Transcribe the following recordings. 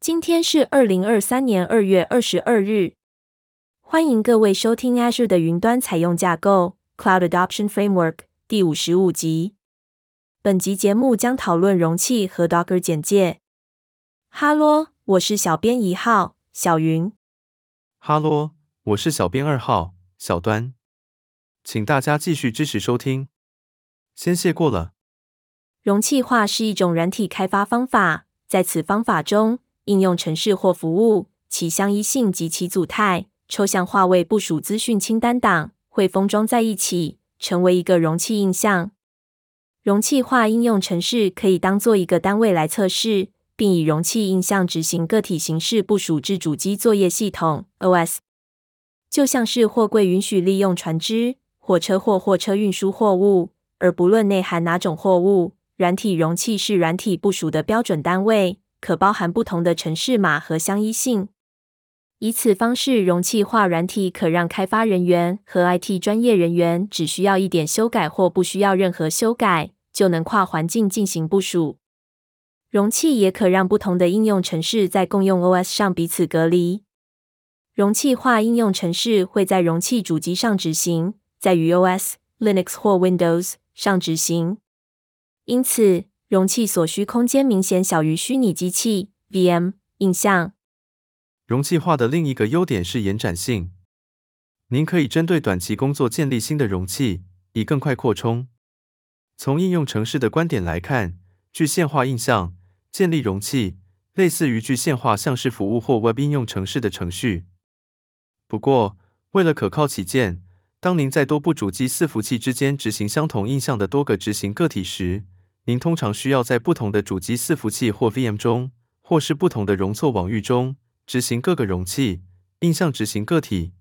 今天是二零二三年二月二十二日，歡迎各位收聽 Azure 的雲端採用架構 （Cloud Adoption Framework） 第五十五集。本集節目將討論容器和 Docker 簡介。哈嘍，我是小編一號小雲。哈嘍，我是小編二號小端。請大家繼續支持收聽，先謝過了。容器化是一種軟體開發方法，在此方法中，應用程式或服務，其相依性及其組態抽象化為部署資訊清單檔，會封裝在一起，成為一個容器映像。容器化應用程式可以當做一個單位來測試，並以容器映像執行個體形式部署至主機作業系統 （OS）。就像是貨櫃允許利用船隻、火車或貨車運輸貨物，而不論內含哪種貨物。軟體容器是軟體部署的標準單位。可包含不同的程式碼和相依性，以此方式，容器化軟體可讓開發人員和 IT 專業人員只需要一點修改或不需要任何修改，就能跨環境進行部署。容器也可讓不同的應用程式在共用 OS 上彼此隔離。容器化應用程式會在容器主機上執行，在與 OS Linux 或 Windows 上執行，因此。容器所需空間明顯小於虛擬機器 （VM） 映像。VM, 映像容器化的另一個優點是延展性。您可以針對短期工作建立新的容器，以更快擴充。從應用程式的觀點來看，具現化映像建立容器，類似於具現化像是服務或 Web 應用程式的程序。不過，為了可靠起見，當您在多部主機伺服器之間執行相同映像的多個執行個體時，您通常需要在不同的主機、伺服器或 VM 中，或是不同的容錯網域中執行各個容器、映像執行個體。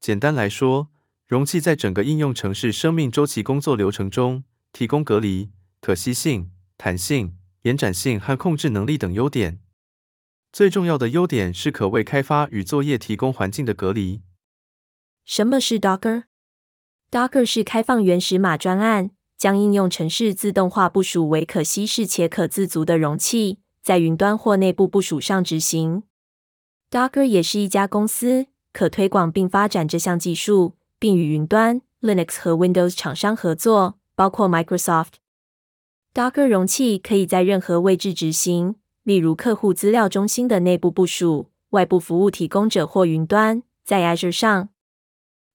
簡單來說，容器在整個應用程式生命週期工作流程中，提供隔離、可攜性、彈性、延展性和控制能力等優點。最重要的優點是可為開發與作業提供環境的隔離。什麼是 Docker？Docker 是開放原始碼專案。將應用程式自動化部署為可攜式且可自足的容器，在雲端或內部部署上執行。Docker 也是一家公司，可推廣並發展這項技術，並與雲端、Linux 和 Windows 廠商合作，包括 Microsoft。Docker 容器可以在任何位置執行，例如客戶資料中心的內部部署、外部服務提供者或雲端，在 Azure 上。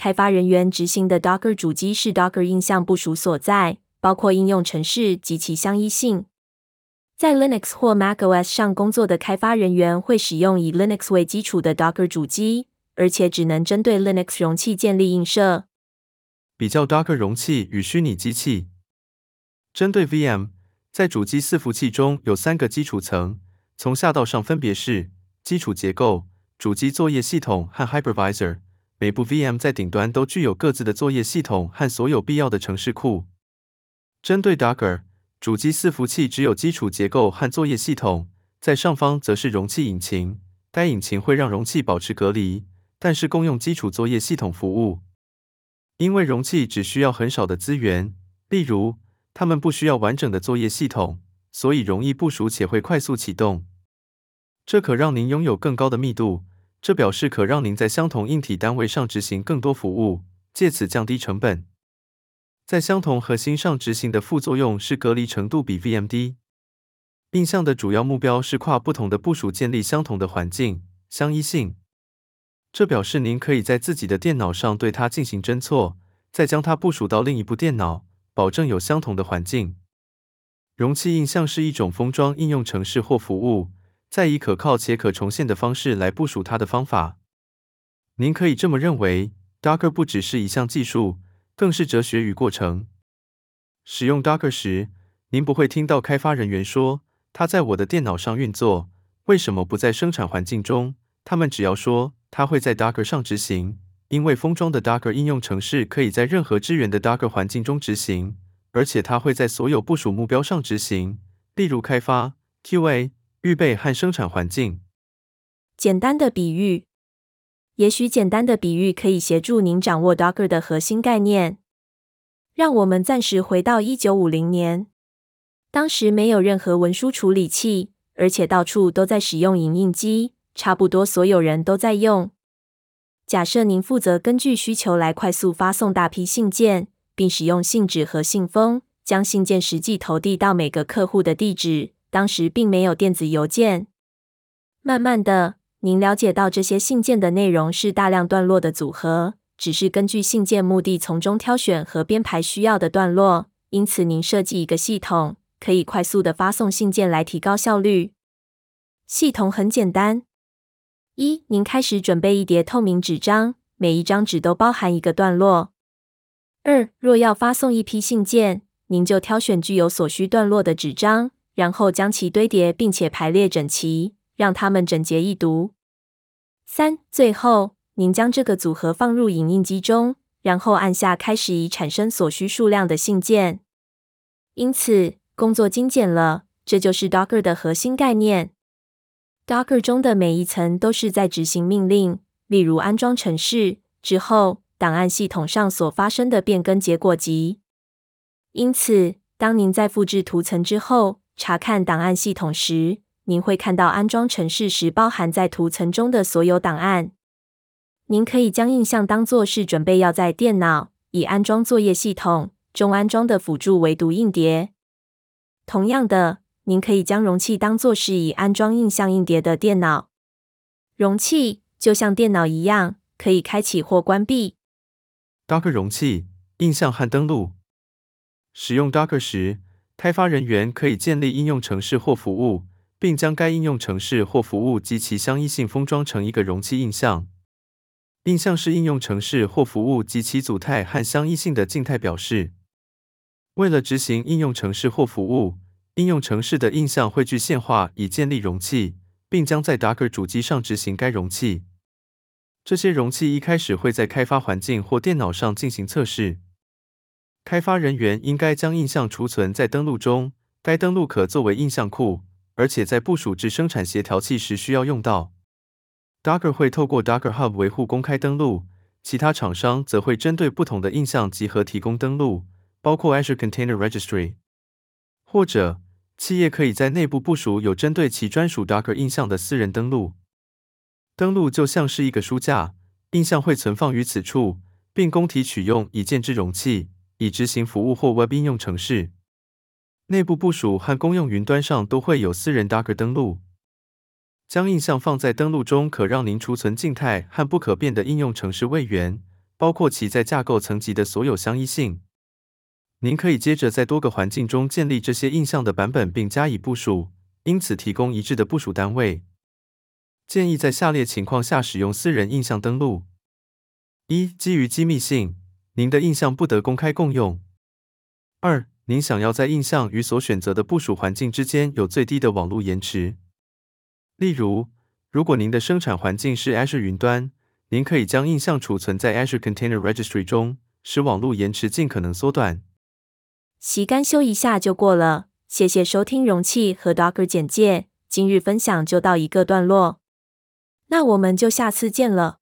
開發人員執行的 Docker 主機是 Docker 印象部署所在，包括應用程式及其相依性。在 Linux 或 macOS 上工作的開發人員會使用以 Linux 為基礎的 Docker 主機，而且只能針對 Linux 容器建立映射。比較 Docker 容器與虛擬機器。針對 VM，在主機伺服器中有三個基礎層，從下到上分別是基礎結構、主機作業系統和 Hypervisor。每部 VM 在頂端都具有各自的作業系統和所有必要的程式庫。針對 Docker，主機伺服器只有基礎結構和作業系統，在上方則是容器引擎。該引擎會讓容器保持隔離，但是共用基礎作業系統服務。因為容器只需要很少的資源，例如它們不需要完整的作業系統，所以容易部署且會快速啟動。這可讓您擁有更高的密度。這表示可讓您在相同硬體單位上執行更多服務，借此降低成本。在相同核心上執行的副作用是隔離程度比 VM 低。映像的主要目標是跨不同的部署建立相同的環境相依性。這表示您可以在自己的電腦上對它進行偵錯，再將它部署到另一部電腦，保證有相同的環境。容器映像是一種封裝應用程式或服務。再以可靠且可重現的方式來部署它的方法。您可以這麼認為：Docker 不只是一項技術，更是哲學與過程。使用 Docker 時，您不會聽到開發人員說“它在我的電腦上運作”，為什麼不在生產環境中？他們只要說“它會在 Docker 上執行”，因為封裝的 Docker 應用程式可以在任何支援的 Docker 環境中執行，而且它會在所有部署目標上執行，例如開發、QA。預備和生產環境。簡單的比喻，也許簡單的比喻可以協助您掌握 Docker 的核心概念。讓我們暫時回到一九五零年，當時沒有任何文書處理器，而且到處都在使用影印機，差不多所有人都在用。假設您負責根據需求來快速發送大批信件，並使用信紙和信封將信件實際投遞到每個客戶的地址。當時並沒有電子郵件。慢慢的，您了解到這些信件的內容是大量段落的組合，只是根據信件目的從中挑選和編排需要的段落。因此，您設計一個系統，可以快速地發送信件來提高效率。系統很簡單：一，您開始準備一疊透明紙張，每一張紙都包含一個段落；二，若要發送一批信件，您就挑選具有所需段落的紙張。然後將其堆疊，並且排列整齊，讓它們整潔易讀。三、最後，您將這個組合放入影印機中，然後按下開始以產生所需數量的信件。因此，工作精簡了。這就是 Docker 的核心概念。Docker 中的每一層都是在執行命令，例如安裝程式之後，檔案系統上所發生的變更結果集。因此，當您在複制圖層之後，查看檔案系統時，您會看到安裝程式時包含在圖層中的所有檔案。您可以將映像當作是準備要在電腦以安裝作業系統中安裝的輔助唯讀硬碟。同樣的，您可以將容器當作是以安裝映像硬碟的電腦。容器就像電腦一樣，可以開啟或關閉。Docker 容器、映像和登錄。使用 Docker 時，開發人員可以建立應用程式或服務，並將該應用程式或服務及其相依性封裝成一個容器映像。映像是應用程式或服務及其組態和相依性的靜態表示。為了執行應用程式或服務，應用程式的映像會具現化以建立容器，並將在 Docker 主機上執行該容器。這些容器一開始會在開發環境或電腦上進行測試。開發人員應該將映像儲存在登錄中，該登錄可作為映像庫，而且在部署至生產協調器時需要用到。Docker 會透過 Docker Hub 維護公開登錄，其他廠商則會針對不同的映像集合提供登錄，包括 Azure Container Registry，或者企業可以在內部部署有針對其專屬 Docker 映像的私人登錄。登錄就像是一個書架，映像會存放於此處，並供提取用以建置容器。已執行服務或 Web 應用程式。內部部署和公用雲端上都會有私人 Docker 登錄。將印象放在登錄中，可讓您儲存靜態和不可變的應用程式位元，包括其在架構層級的所有相依性。您可以接着在多個環境中建立這些印象的版本並加以部署，因此提供一致的部署單位。建議在下列情況下使用私人印象登錄：一、基於機密性。您的映像不得公開共用。二，您想要在映像與所選擇的部署環境之間有最低的網絡延遲。例如，如果您的生產環境是 Azure 雲端，您可以將映像儲存在 Azure Container Registry 中，使網絡延遲儘可能縮短。習干修一下就過了，謝謝收聽容器和 Docker 簡介，今日分享就到一個段落，那我們就下次見了。